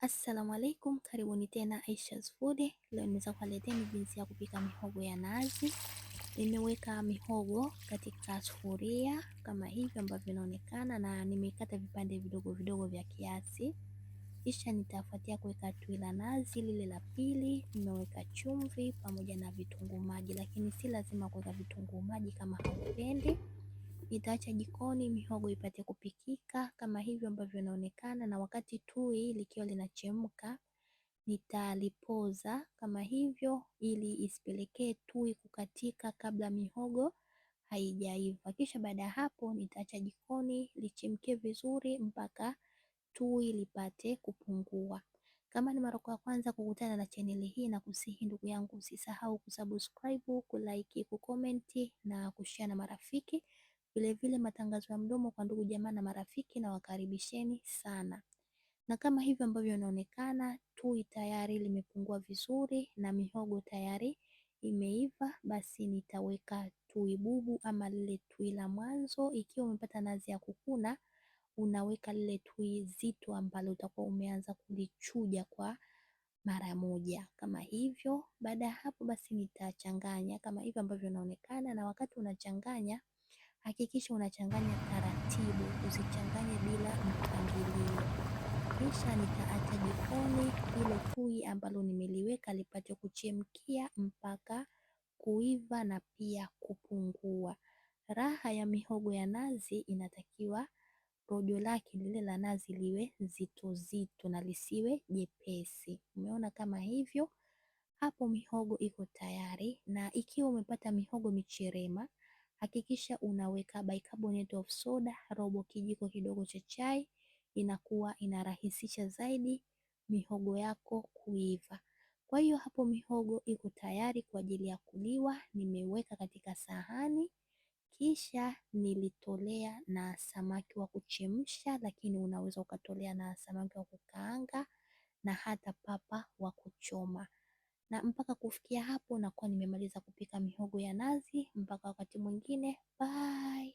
Assalamu alaikum, karibuni tena Aisha's Food. Leo nimeweza kuwaleteni jinsi ya kupika mihogo ya nazi. Nimeweka mihogo katika sufuria kama hivi ambavyo inaonekana, na nimekata vipande vidogo vidogo vya kiasi, kisha nitafuatia kuweka tui la nazi lile la pili. Nimeweka chumvi pamoja na vitunguu maji, lakini si lazima kuweka vitunguu maji kama haupendi nitaacha jikoni mihogo ipate kupikika kama hivyo ambavyo inaonekana, na wakati tui likiwa linachemka nitalipoza kama hivyo ili isipelekee tui kukatika kabla mihogo haijaiva. Kisha baada ya hapo nitaacha jikoni lichemke vizuri mpaka tui lipate kupungua. Kama ni mara ya kwanza kukutana na chaneli hii, na kusihi ndugu yangu usisahau kusubscribe, kulike, kukomenti na kushare na marafiki. Vilevile matangazo ya mdomo kwa ndugu jamaa na marafiki nawakaribisheni sana. Na kama hivyo ambavyo inaonekana tui tayari limepungua vizuri na mihogo tayari imeiva basi nitaweka tui bubu ama lile tui la mwanzo. Ikiwa umepata nazi ya kukuna unaweka lile tui zito ambalo utakuwa umeanza kulichuja kwa mara moja kama hivyo. Baada ya hapo basi nitachanganya kama hivyo ambavyo inaonekana na wakati unachanganya Hakikisha unachanganya taratibu, usichanganye bila mpangilio. Kisha nitaacha jikoni ile tui ambalo nimeliweka lipate kuchemkia mpaka kuiva na pia kupungua. Raha ya mihogo ya nazi inatakiwa rojo lake lile la nazi liwe zito zito na lisiwe jepesi. Umeona kama hivyo? Hapo mihogo iko tayari, na ikiwa umepata mihogo micherema Hakikisha unaweka bicarbonate of soda robo kijiko kidogo cha chai, inakuwa inarahisisha zaidi mihogo yako kuiva. Kwa hiyo hapo mihogo iko tayari kwa ajili ya kuliwa, nimeweka katika sahani kisha nilitolea na samaki wa kuchemsha, lakini unaweza ukatolea na samaki wa kukaanga na hata papa wa kuchoma na mpaka kufikia hapo nakuwa nimemaliza kupika mihogo ya nazi. Mpaka wakati mwingine, bye.